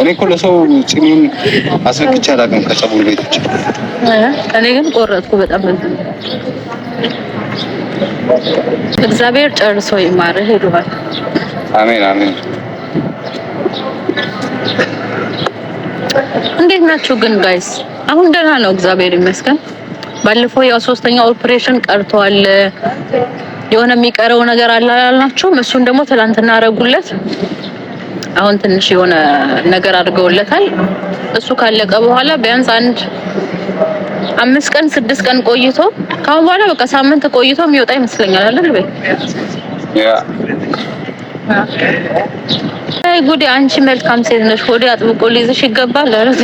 እኔ እኮ ለሰው ጺሜን አስለክቼ አላውቅም ከጸጉር ቤት ውጭ። እኔ ግን ቆረጥኩ። በጣም እግዚአብሔር ጨርሶ ይማር። ሄዱሃል። አሜን አሜን። እንዴት ናችሁ ግን ጋይስ? አሁን ደህና ነው እግዚአብሔር ይመስገን። ባለፈው ያው ሶስተኛ ኦፕሬሽን ቀርተዋል። የሆነ የሚቀረው ነገር አላላልናችሁም? እሱን ደግሞ ትናንትና አረጉለት። አሁን ትንሽ የሆነ ነገር አድርገውለታል። እሱ ካለቀ በኋላ ቢያንስ አንድ አምስት ቀን ስድስት ቀን ቆይቶ ካሁን በኋላ በቃ ሳምንት ቆይቶ የሚወጣ ይመስለኛል አይደል? በይ አይ ጉዴ! አንቺ መልካም ሴት ነሽ። ሆዴ አጥብቆ ሊይዝሽ ይገባል አይደል?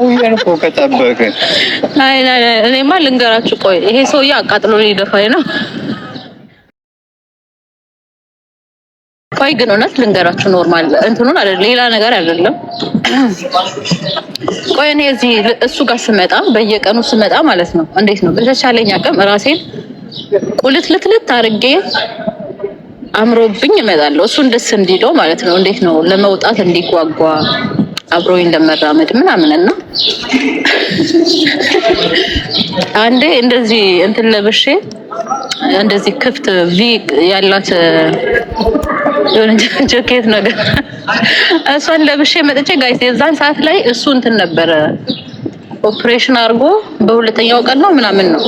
ሁሉን እኮ ከጠበቅን። አይ እኔማ ልንገራችሁ፣ ቆይ ይሄ ሰውዬ አቃጥሎ ሊደፋኝ ነው። ቆይ ግን እውነት ልንገራችሁ፣ ኖርማል እንትኑን አይደል ሌላ ነገር አይደለም። ቆይ እኔ እዚህ እሱ ጋር ስመጣ በየቀኑ ስመጣ ማለት ነው እንዴት ነው በተቻለኝ አቅም ራሴን ልትልት አድርጌ አምሮብኝ እመጣለሁ። እሱን ደስ እንዲለው ማለት ነው እንዴት ነው ለመውጣት እንዲጓጓ አብሮኝ ለመራመድ ምናምን እና አንዴ እንደዚህ እንትን ለብሼ እንደዚህ ክፍት ቪ ያላት የሆነ ጃኬት ነገር እሷን ለብሼ መጥቼ ጋይስ፣ የዛን ሰዓት ላይ እሱ እንትን ነበረ ኦፕሬሽን አድርጎ በሁለተኛው ቀን ነው ምናምን ነው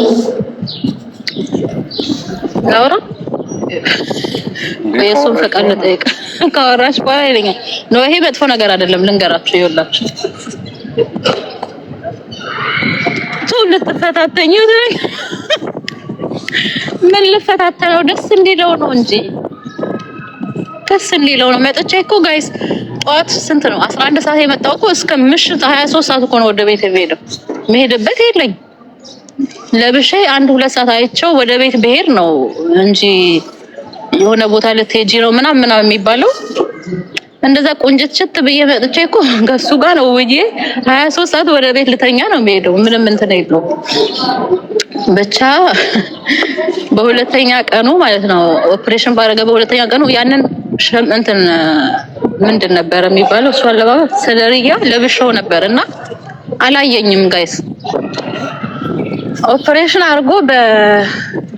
ላውራ የእሱን ፈቃድ ልጠይቅ ካወራሽ በኋላ ይለኛል። ነው ይሄ መጥፎ ነገር አይደለም፣ ልንገራችሁ። ይኸውላችሁ ሰው ልትፈታተኝ ምን ልፈታተነው? ደስ እንዲለው ነው እንጂ ደስ እንዲለው ነው መጥቼ እኮ ጋይስ፣ ጠዋት ስንት ነው? አስራ አንድ ሰዓት የመጣው እኮ እስከ ምሽት ሀያ ሶስት ሰዓት እኮ ነው ወደ ቤት የምሄደው። መሄድበት የለኝ ለብሼ አንድ ሁለት ሰዓት አይቸው ወደ ቤት ብሄድ ነው እንጂ የሆነ ቦታ ልትሄጂ ነው ምናምን ምናምን የሚባለው እንደዛ ቁንጅት ችት ብዬ መጥቼ እኮ ከሱ ጋር ነው ውዬ ሀያ ሶስት ሰዓት ወደ ቤት ልተኛ ነው የሚሄደው። ምንም እንትን የለው። ብቻ በሁለተኛ ቀኑ ማለት ነው ኦፕሬሽን ባደረገ በሁለተኛ ቀኑ ያንን እንትን ምንድን ነበር የሚባለው? እሱ አለባበስ ሰደርያ ለብሻው ነበር እና አላየኝም። ጋይስ ኦፕሬሽን አድርጎ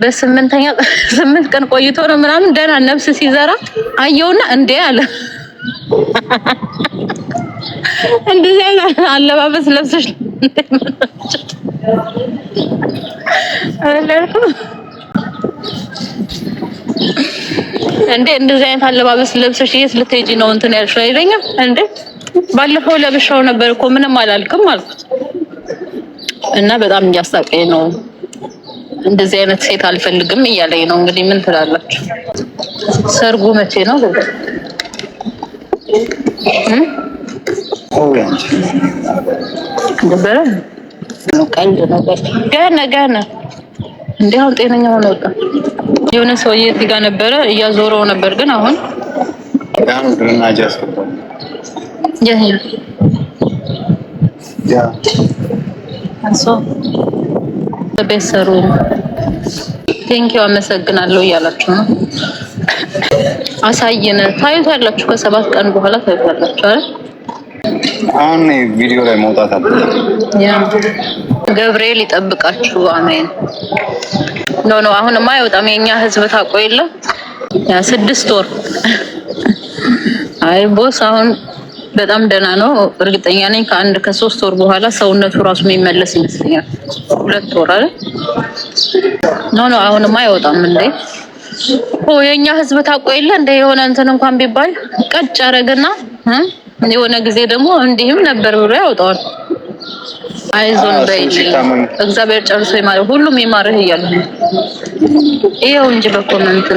በስምንተኛ ስምንት ቀን ቆይቶ ነው ምናምን ደህና ነፍስ ሲዘራ አየውና እንዴ አለ እንደዚህ አይነት አለባበስ ለብሰሽ አላልኩም እንዴ እንደዚህ አይነት አለባበስ ለብሰሽ የት ልትሄጂ ነው እንትን ያልሽው አይለኝም እንዴ? ባለፈው ለብሻው ነበር እኮ ምንም አላልክም አልኩት። እና በጣም እያሳቀኝ ነው። እንደዚህ አይነት ሴት አልፈልግም እያለኝ ነው። እንግዲህ ምን ትላላችሁ? ሰርጉ መቼ ነው? ነበረ ገና ገና እንዲህ አሁን ጤነኛ ሆነ ወጣ የሆነ ሰውዬ እዚህ ጋር ነበረ እያዞረው ነበር፣ ግን አሁን ቤት ሰሩ። ዩ አመሰግናለሁ እያላችሁ ነው። አሳየነ ታዩታላችሁ። ከሰባት ቀን በኋላ ታዩታላችሁ አይደል? አሁን ቪዲዮ ላይ መውጣት አለ። ገብርኤል ይጠብቃችሁ። አሜን ኖ ኖ አሁንማ አይወጣም። የኛ ህዝብ ታቆ ያ ስድስት ወር አይ ቦስ አሁን በጣም ደህና ነው። እርግጠኛ ነኝ ከአንድ ከሶስት ወር በኋላ ሰውነቱ ራሱ የሚመለስ ይመስለኛል። ሁለት ወር አለ ኖ ኖ አሁንማ አይወጣም እንዴ ኦ የኛ ህዝብ ታቆ የለ እንደ የሆነ እንትን እንኳን ቢባል ቀጭ አረግና የሆነ ጊዜ ደግሞ እንዲህም ነበር ብሎ ያወጣዋል። አይዞን በይልኝ እግዚአብሔር ጨርሶ ይማረ ሁሉም ይማርህ እያለ ይኸው እንጂ በኮመንት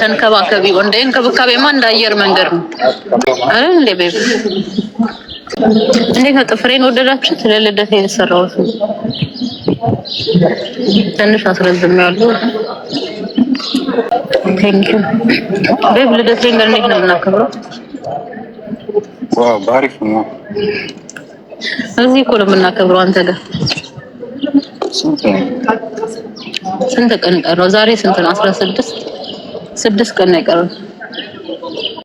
ተንከባከቢ። እንደ እንክብካቤማ እንደ አየር መንገድ ነው። አረ እንዴ ቤብ እንዴት ነው ጥፍሬን ወደዳችሁት? ለልደት የተሰራሁት ትንሽ አስረዝም ያለው ቴንኪ ቤብ። ልደት ላይ እንዴት ነው የምናከብረው? ዋው ባሪፍ ነው እዚህ እኮ ነው የምናከብረው። አንተ ጋር ስንት ቀን ቀረው? ዛሬ ስንት ነው? አስራ ስድስት ስድስት ቀን ነው የቀረው።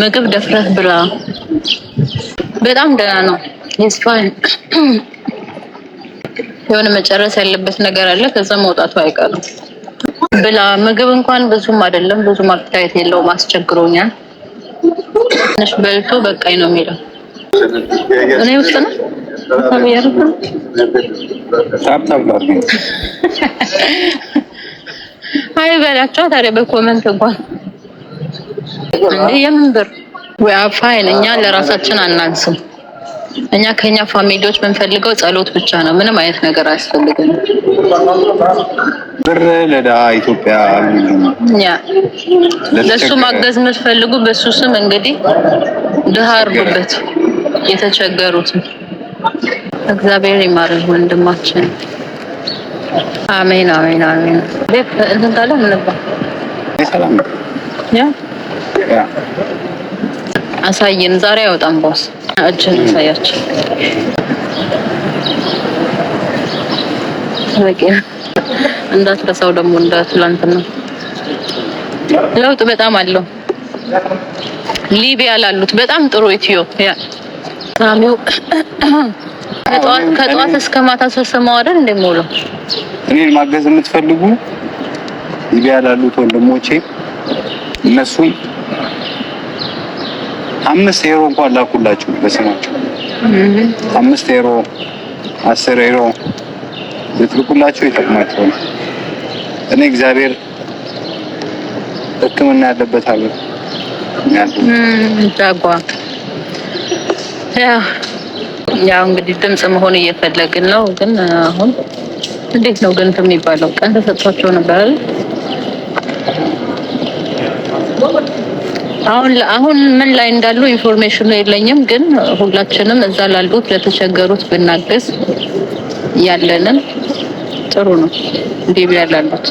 ምግብ ደፍረህ ብላ። በጣም ደህና ነው። ኢንስፓይር የሆነ መጨረስ ያለበት ነገር አለ፣ ከዛ መውጣቱ አይቀርም። ብላ ምግብ እንኳን ብዙም አይደለም፣ ብዙም አፕታይት የለውም። አስቸግሮኛል። ትንሽ በልቶ በቃኝ ነው የሚለው እኔ ውስጥ ነው አይ በላቸው ታዲያ በኮመንት እንኳን የምን ብር ወይ አፋይን እኛ ለራሳችን አናንስም። እኛ ከኛ ፋሚሊዎች የምንፈልገው ጸሎት ብቻ ነው። ምንም አይነት ነገር አያስፈልግም። ብር ለድሀ ኢትዮጵያ ለሱ ማገዝ የምትፈልጉ በሱ ስም እንግዲህ ድሃ አርጉበት የተቸገሩትን እግዚአብሔር ይማረ ወንድማችን። አሜን አሜን አሜን። ቤት እንትን ካለ ምን ልባ ሰላም ያ አሳየን። ዛሬ አይወጣም ቦስ እጅን አሳያችን። በቂ እንዳትረሳው ደግሞ እንዳትላንትና ለውጥ በጣም አለው። ሊቢያ ላሉት በጣም ጥሩ ኢትዮ ሳሚው ከጠዋት እስከ ማታ ሰሰማው አይደል እንደሚውለው። እኔን ማገዝ የምትፈልጉ ሊቢያ ላሉት ወንድሞቼ እነሱም አምስት ኤሮ እንኳን ላኩላችሁ በስማቸው አምስት ኤሮ አስር ኤሮ ልትልኩላቸው ይጠቅማቸው። እኔ እግዚአብሔር ሕክምና ያለበት ሀገር ጃጓ ያው እንግዲህ ድምጽ መሆን እየፈለግን ነው። ግን አሁን እንዴት ነው ግን የሚባለው? ቀን ተሰጥቷቸው ነበር አሁን አሁን ምን ላይ እንዳሉ ኢንፎርሜሽኑ የለኝም። ግን ሁላችንም እዛ ላሉት ለተቸገሩት ብናግዝ ያለንን ጥሩ ነው። እንዲህ ያላሉት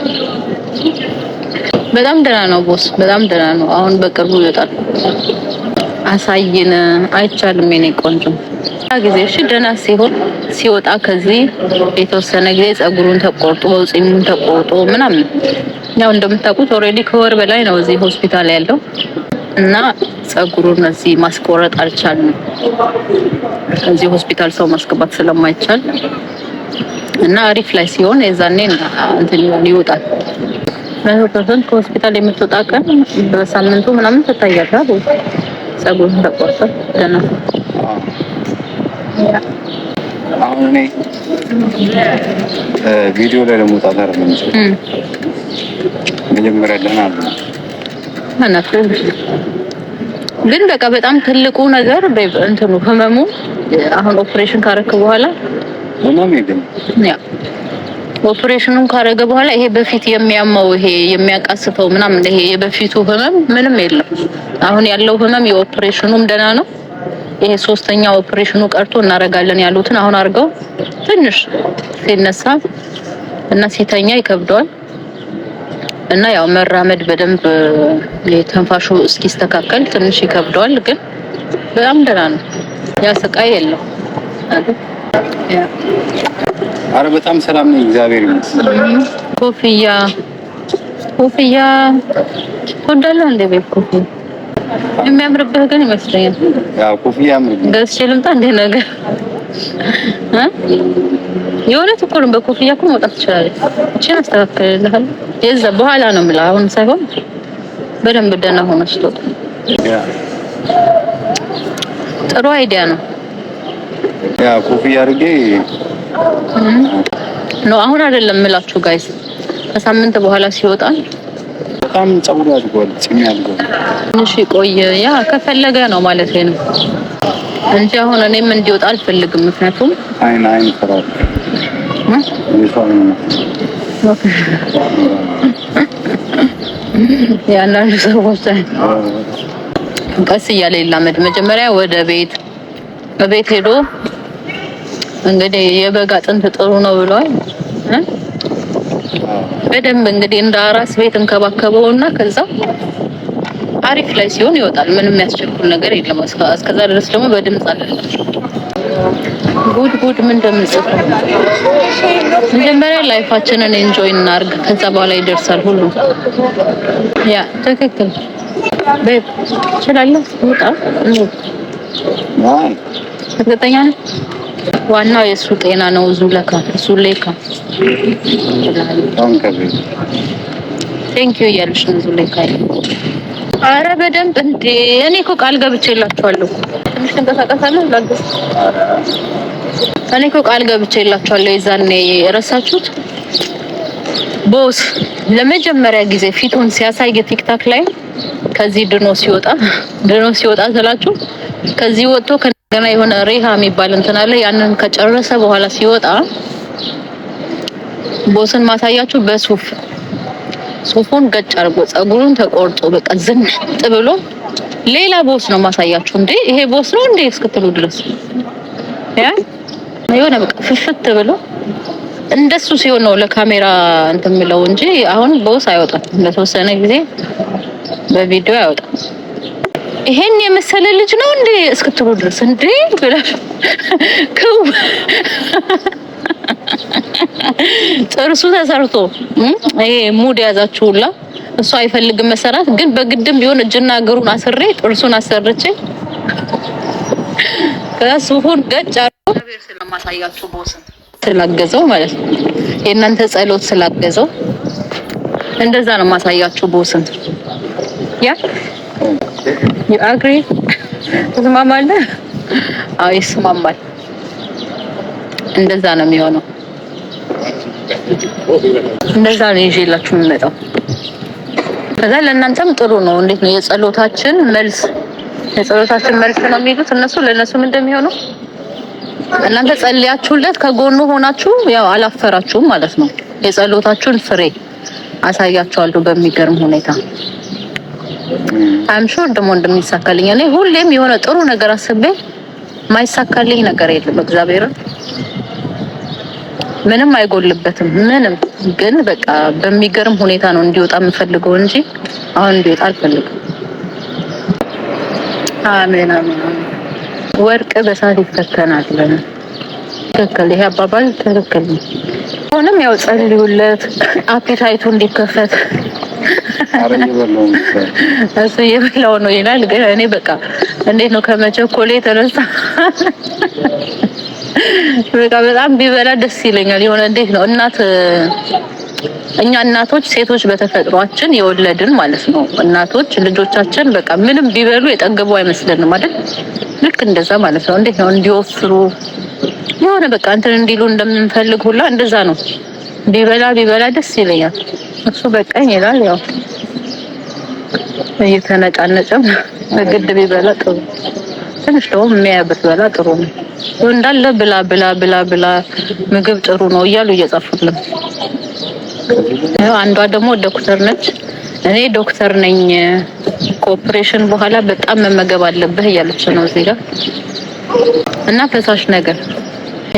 በጣም ደህና ነው ቦስ፣ በጣም ደህና ነው። አሁን በቅርቡ ይወጣል። አሳይን። አይቻልም የኔ ቆንጆ ጊዜ እሺ። ደህና ሲሆን ሲወጣ ከዚህ የተወሰነ ጊዜ ጸጉሩን ተቆርጦ ጺሙን ተቆርጦ ምናምን ያው እንደምታውቁት ኦልሬዲ ከወር በላይ ነው እዚህ ሆስፒታል ያለው እና ጸጉሩን እዚህ ማስቆረጥ አልቻልም። እዚህ ሆስፒታል ሰው ማስገባት ስለማይቻል እና አሪፍ ላይ ሲሆን የዛኔ እንትን ይወጣል። መቶ ፐርሰንት ከሆስፒታል የምትወጣ ቀን በሳምንቱ ምናምን ትታያለህ። ጸጉሩን ተቆርጦ ደነሱ። አሁን እኔ ቪዲዮ ላይ ለመውጣት አይደለም መጀመሪያ ደህና አሉ ግን በቃ በጣም ትልቁ ነገር እንትኑ ህመሙ አሁን ኦፕሬሽን ካረክ በኋላ ህመም የለም ያ ኦፕሬሽኑን ካረገ በኋላ ይሄ በፊት የሚያመው ይሄ የሚያቃስተው ምናምን ይሄ የበፊቱ ህመም ምንም የለም። አሁን ያለው ህመም የኦፕሬሽኑም ደህና ነው። ይሄ ሶስተኛ ኦፕሬሽኑ ቀርቶ እናረጋለን ያሉትን አሁን አድርገው ትንሽ ሲነሳ እና ሲተኛ ይከብደዋል እና ያው መራመድ በደንብ የተንፋሹ እስኪስተካከል ትንሽ ይከብደዋል፣ ግን በጣም ደህና ነው። ያ ስቃይ የለም። አረ በጣም ሰላም ነኝ፣ እግዚአብሔር ይመስገን። ኮፍያ ኮፍያ ትወዳለህ እንደ ቤት ኮፍያ የሚያምርብህ ግን ይመስለኛል። ያው ኮፍያ ያምርብህ ገዝቼ ልምጣ እንደ ነገ እ የእውነት እኮ ነው። በኮፍያ እኮ መውጣት ትችላለህ። እቺን አስተካክልልሃል። የዛ በኋላ ነው የምልህ፣ አሁን ሳይሆን በደንብ ደህና ሆነ ስትወጣ። ጥሩ አይዲያ ነው። ያ ኮፍያ አድርጌ ነው አሁን አይደለም ምላችሁ ጋይስ፣ ከሳምንት በኋላ ሲወጣ በጣም ጸጉሩ አድጓል። ጽም ያድጓል ትንሽ ቆየ። ያ ከፈለገ ነው ማለት ነው እንጂ አሁን እኔም እንዲወጣ አልፈልግም። ምክንያቱም አይን አይን ፈራል ያንዳንዱ ሰዎች ቀስ እያለ ይላመድ። መጀመሪያ ወደ ቤት በቤት ሄዶ እንግዲህ የበግ አጥንት ጥሩ ነው ብሏል። በደንብ እንግዲህ እንደ አራስ ቤት እንከባከበውና ከዛ አሪፍ ላይ ሲሆን ይወጣል። ምንም ያስቸኩል ነገር የለም። እስከዛ ድረስ ደግሞ በድምጽ አይደለም። ጉድ ጉድ ምን እንደምንጽፍ መጀመሪያ ላይፋችንን ኤንጆይ እናርግ፣ ከዛ በኋላ ይደርሳል ሁሉ። ያ ትክክል ቤት ትችላለህ። ውጣ እርግጠኛ ነህ? ዋናው የእሱ ጤና ነው። እዙ ለካ እሱ ሌካ ቴንኪዩ እያለሽ ነው። እዙ አረ በደንብ እንዴ! እኔ እኮ ቃል ገብቼላችኋለሁ። ትንሽ ትንቀሳቀሳለህ ላግዝ። እኔ እኮ ቃል ገብቼላችኋለሁ። የዛኔ ረሳችሁት። ቦስ ለመጀመሪያ ጊዜ ፊቱን ሲያሳይ የቲክታክ ላይ ከዚህ ድኖ ሲወጣ ድኖ ሲወጣ ስላችሁ ከዚህ ወጥቶ ገና የሆነ ሬሃ የሚባል እንትን አለ። ያንን ከጨረሰ በኋላ ሲወጣ ቦስን ማሳያችሁ በሱፍ ሱፉን ገጭ አድርጎ ጸጉሩን ተቆርጦ በቃ ዝንጥ ብሎ ሌላ ቦስ ነው ማሳያችሁ። እንዴ ይሄ ቦስ ነው እንዴ እስክትሉ ድረስ ያ የሆነ በቃ ፍፍት ብሎ እንደሱ ሲሆን ነው ለካሜራ እንትን የምለው እንጂ አሁን ቦስ አይወጣም። ለተወሰነ ጊዜ በቪዲዮ አይወጣም። ይሄን የመሰለ ልጅ ነው እንዴ እስክትሉ ድረስ እንዴ ብላሽ ከው ጥርሱ ተሰርቶ ይሄ ሙድ ያዛችሁ እሱ አይፈልግም መሰራት፣ ግን በግድም ቢሆን እጅና እግሩን አስሬ ጥርሱን አሰርቼ ከሱሁን ገጭ አድርጎ ስለማሳያችሁ ስላገዘው ማለት ነው። የእናንተ ጸሎት ስላገዘው እንደዛ ነው ማሳያችሁ ቦስን ያ ዩ አግሪ ትስማማለህ? አዎ ይስማማል። እንደዛ ነው የሚሆነው። እንደዛ ነው ይዤላችሁ የምመጣው። ከዛ ለእናንተም ጥሩ ነው። እንዴት ነው የጸሎታችን መልስ የጸሎታችን መልስ ነው የሚሉት እነሱ። ለእነሱም እንደሚሆነው እናንተ ጸልያችሁለት ከጎኑ ሆናችሁ ያው አላፈራችሁም ማለት ነው። የጸሎታችሁን ፍሬ አሳያችኋለሁ በሚገርም ሁኔታ አምሹር ደግሞ እንደሚሳካልኝ እኔ ሁሌም የሆነ ጥሩ ነገር አስቤ ማይሳካልኝ ነገር የለም። እግዚአብሔር ምንም አይጎልበትም። ምንም ግን በቃ በሚገርም ሁኔታ ነው እንዲወጣ የምፈልገው እንጂ አሁን እንዲወጣ አልፈልግም። አሜን አሜን። ወርቅ በሳት ይፈተናል። ትክክል። ይሄ አባባል ትክክል ነው። አሁንም ያው ጸልዩለት አፔታይቱ እንዲከፈት እሱ እየበላው ነው ይላል። ግን እኔ በቃ እንዴት ነው ከመቸኮሌ የተነሳ በቃ በጣም ቢበላ ደስ ይለኛል። የሆነ እንዴት ነው እናት እኛ እናቶች ሴቶች በተፈጥሯችን የወለድን ማለት ነው። እናቶች ልጆቻችን በቃ ምንም ቢበሉ የጠገቡ አይመስለንም አይደል? ልክ እንደዛ ማለት ነው። እንዴት ነው እንዲወፍሩ የሆነ በቃ እንትን እንዲሉ እንደምንፈልግ ሁላ እንደዛ ነው። ቢበላ ቢበላ ደስ ይለኛል። እሱ በቃኝ ይላል ያው እየተነጫነጨ ግድ ቢበላ ጥሩ ትንሽ ደግሞ የሚያያበት በላ ጥሩ ነው። እንዳለ ብላ ብላ ብላ ብላ ምግብ ጥሩ ነው እያሉ እየጻፉልን፣ አንዷ ደግሞ ዶክተር ነች። እኔ ዶክተር ነኝ ከኦፕሬሽን በኋላ በጣም መመገብ አለብህ እያለች ነው እዚህ ጋር እና ፈሳሽ ነገር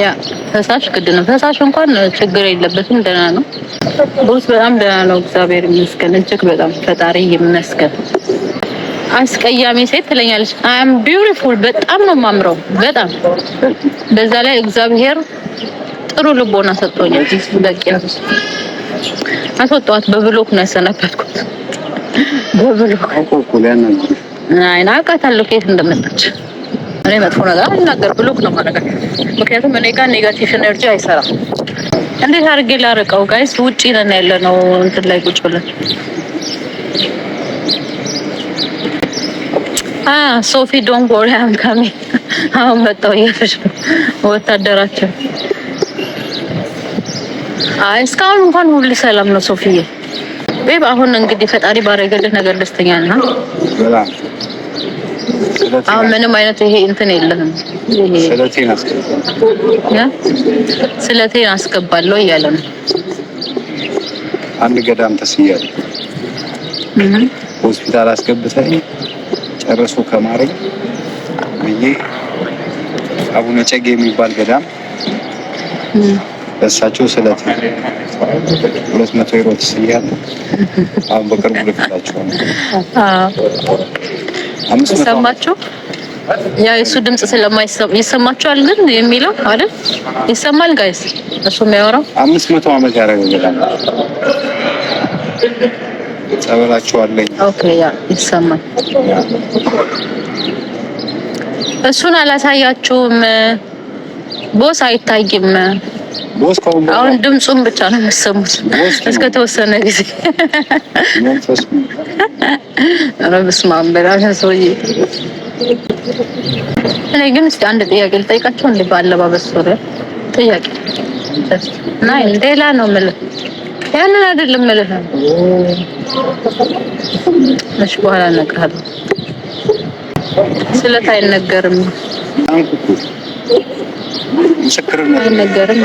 ያ ፈሳሽ ግድ ነው። ፈሳሽ እንኳን ችግር የለበትም፣ ደህና ነው። ቦስ በጣም ደህና ነው፣ እግዚአብሔር ይመስገን። እጅግ በጣም ፈጣሪ ይመስገን። አስቀያሚ ሴት ትለኛለች። አይ አም ቢዩቲፉል በጣም ነው የማምረው፣ በጣም በዛ ላይ እግዚአብሔር ጥሩ ልቦና ሰጥቶኛል። በቂ ነው። አስወጣኋት። በብሎክ ነው ያሰናበትኩት። በብሎክ አይ አውቃታለሁ ከየት እንደመጣች እኔ መጥፎ ነገር አልናገር ብሎክ ነው ማድረግ። ምክንያቱም እኔ ጋር ኔጋቲቭ ኤነርጂ አይሰራም። እንዴት አድርጌ ላርቀው? ጋይስ ውጪ ነን ያለ ነው እንትን ላይ ቁጭ ብለን ሶፊ ዶን ወሪ አም ካሚ አሁን መጣው እያለች ነው ወታደራቸው። እስካሁን እንኳን ሁሉ ሰላም ነው ሶፊዬ ቤብ። አሁን እንግዲህ ፈጣሪ ባረገልን ነገር ደስተኛ ነን። አሁን ምንም አይነት ይሄ እንትን የለህም። ስለቴን አስገባለሁ እያለ ነው። አንድ ገዳም ተስያለ ሆስፒታል አስገብተኝ ጨርሶ ከማረኝ ብዬ አቡነ ጨጌ የሚባል ገዳም በእሳቸው ስለት ሁለት መቶ ዩሮ አሁን በቅርቡ ልክላችኋለሁ። ይሰማቸው ያ የሱ ድምጽ ስለማይሰማ ይሰማቸዋል፣ ግን የሚለው አይደል ይሰማል። ጋይስ እሱ የሚያወራው አምስት መቶ ዓመት ያደረገላል ጸበላቸዋለኝ። ኦኬ ያ ይሰማል። እሱን አላሳያችሁም። ቦስ አይታይም። ቦስ አሁን ድምፁን ብቻ ነው የሚሰሙት እስከ ተወሰነ ጊዜ ኧረ በስመ አብ በጣም ሰውዬ። እኔ ግን እስኪ አንድ ጥያቄ ልጠይቃቸው። እንደ በአለባበስ ዙሪያ ጥያቄ ናይ ሌላ ነው የምልህ ያንን አይደለም የምልህ ነው። እሺ በኋላ እነግርሃለሁ። ስለት አይነገርም ምስክርነት አይነገርም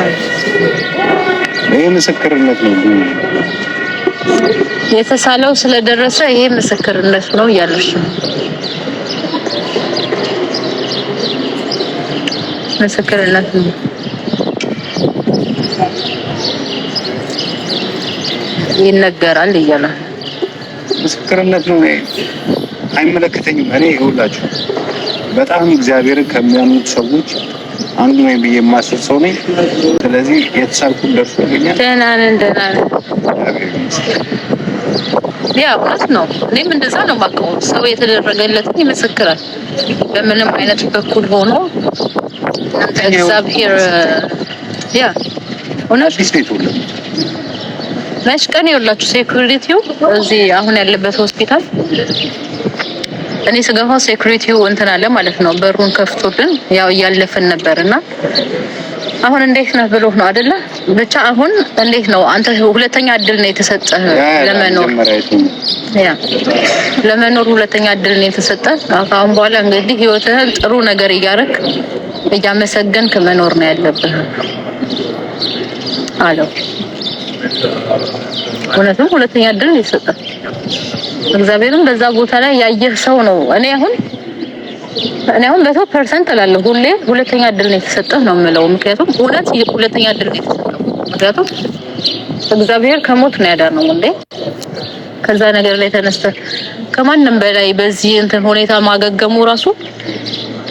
ይሄ ምስክርነት ነው። የተሳለው ስለደረሰ ይሄ ምስክርነት ነው እያለች ነው። ምስክርነት ነው። ይነገራል እያለ ምስክርነት ነው። አይመለከተኝም። እኔ ይኸውላችሁ በጣም እግዚአብሔርን ከሚያምኑት ሰዎች አንዱ ነኝ ብዬ የማስብ ሰው ነኝ። ስለዚህ የተሳልኩት ደርሶልኛል። ደህና ነን፣ ደህና ነን። ያ እውነት ነው። እኔም እንደዛ ነው የማውቀው። ሰው የተደረገለትን ይመሰክራል። በምንም አይነት በኩል ሆኖ እግዚአብሔር ያ እውነት መች ቀን ይኸውላችሁ፣ ሴኩሪቲው እዚህ አሁን ያለበት ሆስፒታል እኔ ስገባ ሴኩሪቲው እንትን አለ ማለት ነው። በሩን ከፍቶልን ያው እያለፍን ነበርና አሁን እንዴት ነህ ብሎ ነው አይደለ ብቻ አሁን እንዴት ነው አንተ ሁለተኛ እድል ነው የተሰጠህ ለመኖር ለመኖር ሁለተኛ እድል ነው የተሰጠህ። አሁን በኋላ እንግዲህ ህይወትህን ጥሩ ነገር እያደረክ እያመሰገንክ መኖር ነው ያለብህ አለው። እውነትም ሁለተኛ እድል ነው የተሰጠህ። እግዚአብሔርም በዛ ቦታ ላይ ያየህ ሰው ነው። እኔ አሁን እኔ አሁን መቶ ፐርሰንት እላለሁ ሁሌ ሁለተኛ እድል ነው የተሰጠህ ነው የምለው። ምክንያቱም እውነት ሁለተኛ እድል ነው የተሰጠህ ምክንያቱም እግዚአብሔር ከሞት ነው ያዳነው እንዴ ከዛ ነገር ላይ ተነስተ ከማንም በላይ በዚህ እንትን ሁኔታ ማገገሙ ራሱ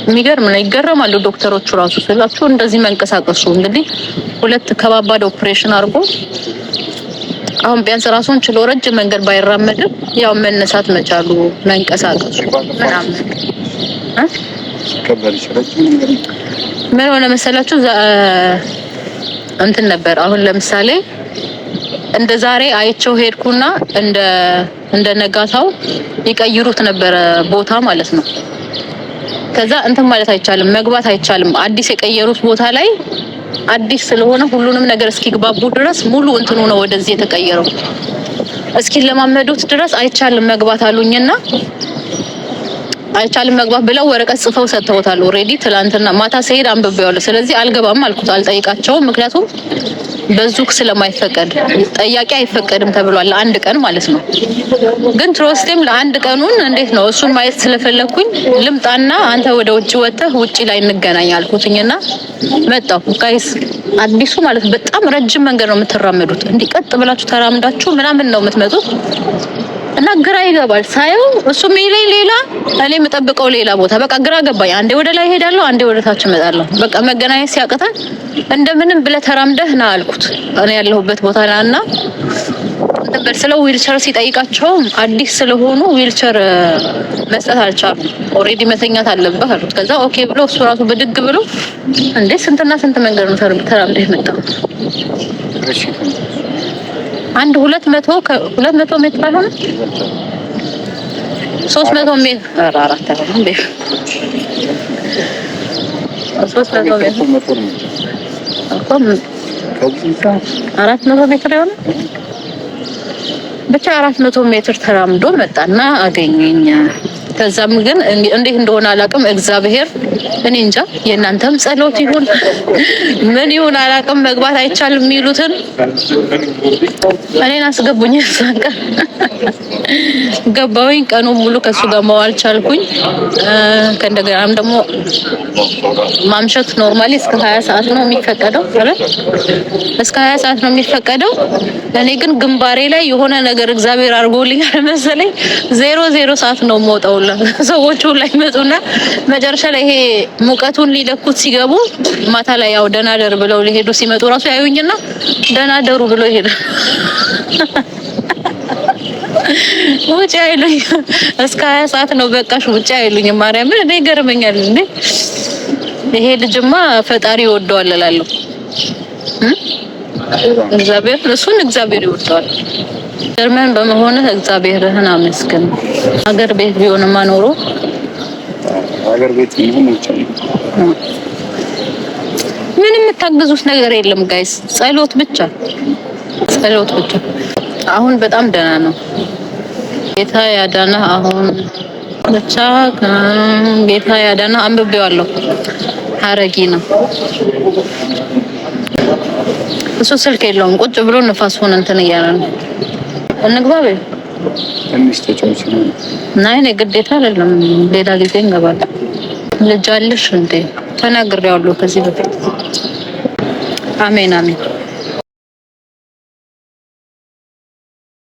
የሚገርም ነው። ይገረማሉ ዶክተሮቹ ራሱ ስላቸው እንደዚህ መንቀሳቀሱ እንግዲህ ሁለት ከባባድ ኦፕሬሽን አድርጎ አሁን ቢያንስ ራሱን ችሎ ረጅም መንገድ ባይራመድም ያው መነሳት መቻሉ መንቀሳቀሱ ምናምን ምን ሆነ መሰላችሁ እንትን ነበር። አሁን ለምሳሌ እንደ ዛሬ አይቸው ሄድኩና እንደ እንደ ነጋታው ይቀይሩት ነበረ ቦታ ማለት ነው። ከዛ እንትን ማለት አይቻልም፣ መግባት አይቻልም። አዲስ የቀየሩት ቦታ ላይ አዲስ ስለሆነ ሁሉንም ነገር እስኪግባቡ ድረስ ሙሉ እንትኑ ነው ወደዚህ የተቀየረው። እስኪ ለማመዱት ድረስ አይቻልም መግባት አሉኝና አይቻልም መግባት ብለው ወረቀት ጽፈው ሰጥተውታል። ኦልሬዲ ትላንትና ማታ ስሄድ አንብቤዋለሁ። ስለዚህ አልገባም አልኩት፣ አልጠይቃቸውም። ምክንያቱም በዙክ ስለማይፈቀድ ጠያቂ አይፈቀድም ተብሏል፣ ለአንድ ቀን ማለት ነው። ግን ትሮስቴም ለአንድ ቀኑን እንዴት ነው እሱን ማየት ስለፈለግኩኝ ልምጣና አንተ ወደ ውጭ ወጥተህ ውጭ ላይ እንገናኝ አልኩትኝና መጣሁ። ጋይስ አዲሱ ማለት በጣም ረጅም መንገድ ነው የምትራመዱት። እንዲህ ቀጥ ብላችሁ ተራምዳችሁ ምናምን ነው የምትመጡት እና ግራ ይገባል ሳየው። እሱ የሚለኝ ሌላ፣ እኔ የምጠብቀው ሌላ ቦታ። በቃ ግራ ገባኝ። አንዴ ወደ ላይ ሄዳለሁ፣ አንዴ ወደ ታች እመጣለሁ። በቃ መገናኘት ሲያቅተን እንደምንም ብለ ተራምደህ ና አልኩት። እኔ ያለሁበት ቦታ ና እና ስለ ዊልቸር ሲጠይቃቸውም አዲስ ስለሆኑ ዊልቸር መስጠት አልቻሉ ኦሬዲ መተኛት አለብህ አሉት። ከዛ ኦኬ ብሎ እሱ ራሱ ብድግ ብሎ እንዴ ስንትና ስንት መንገድ ነው ተራምደህ የመጣው? አንድ ሁለት መቶ ሁለት መቶ ሜትር ባይሆን ሶስት መቶ ሜትር አራት አራት መቶ ሜትር የሆነ ብቻ አራት መቶ ሜትር ተራምዶ መጣና አገኘኝ። ከዛም ግን እንዴት እንደሆነ አላውቅም። እግዚአብሔር እኔ እንጃ፣ የእናንተም ጸሎት ይሁን ምን ይሁን አላውቅም። መግባት አይቻልም የሚሉትን እኔን አስገቡኝ። ሳቀ ገባሁኝ። ቀኑ ሙሉ ከሱ ጋር መዋል ቻልኩኝ። ከእንደገናም ደግሞ ማምሸት ኖርማሊ እስከ ሀያ ሰዓት ነው የሚፈቀደው አይደል? እስከ ሀያ ሰዓት ነው የሚፈቀደው። እኔ ግን ግንባሬ ላይ የሆነ ነገር እግዚአብሔር አድርጎልኛል መሰለኝ ዜሮ ዜሮ ሰዓት ነው የምወጣው ሰዎቹ ላይ ይመጡና መጨረሻ ላይ ይሄ ሙቀቱን ሊለኩት ሲገቡ ማታ ላይ ያው ደናደር ብለው ሊሄዱ ሲመጡ ራሱ ያዩኝና ደናደሩ ብሎ ይሄዳል። ውጭ አይሉኝ እስከ ሀያ ሰዓት ነው በቃሽ፣ ውጭ አይሉኝ። ማርያምን እኔ ገርመኛል እንዴ ይሄ ልጅማ ፈጣሪ ይወደዋል እላለሁ። እግዚአብሔር እሱን እግዚአብሔር ይወርሰዋል። ጀርመን በመሆንህ እግዚአብሔርህን አመስግን። ሀገር ቤት ቢሆንማ ኖሮ ሀገር ቤት ምን የምታግዙት ነገር የለም ጋይስ፣ ጸሎት ብቻ ጸሎት ብቻ። አሁን በጣም ደህና ነው። ጌታ ያዳና አሁን ብቻ ጌታ ያዳና አንብቤዋለሁ። ሀረጊ ነው እሱ ስልክ የለውም። ቁጭ ብሎ ንፋስ ሆነ እንትን እያለ ነው። እንግባብ ናይ ግዴታ አይደለም፣ ሌላ ጊዜ እንገባለን። ልጅ አለሽ እንዴ? ተናግሬዋለሁ ከዚህ በፊት። አሜን አሜን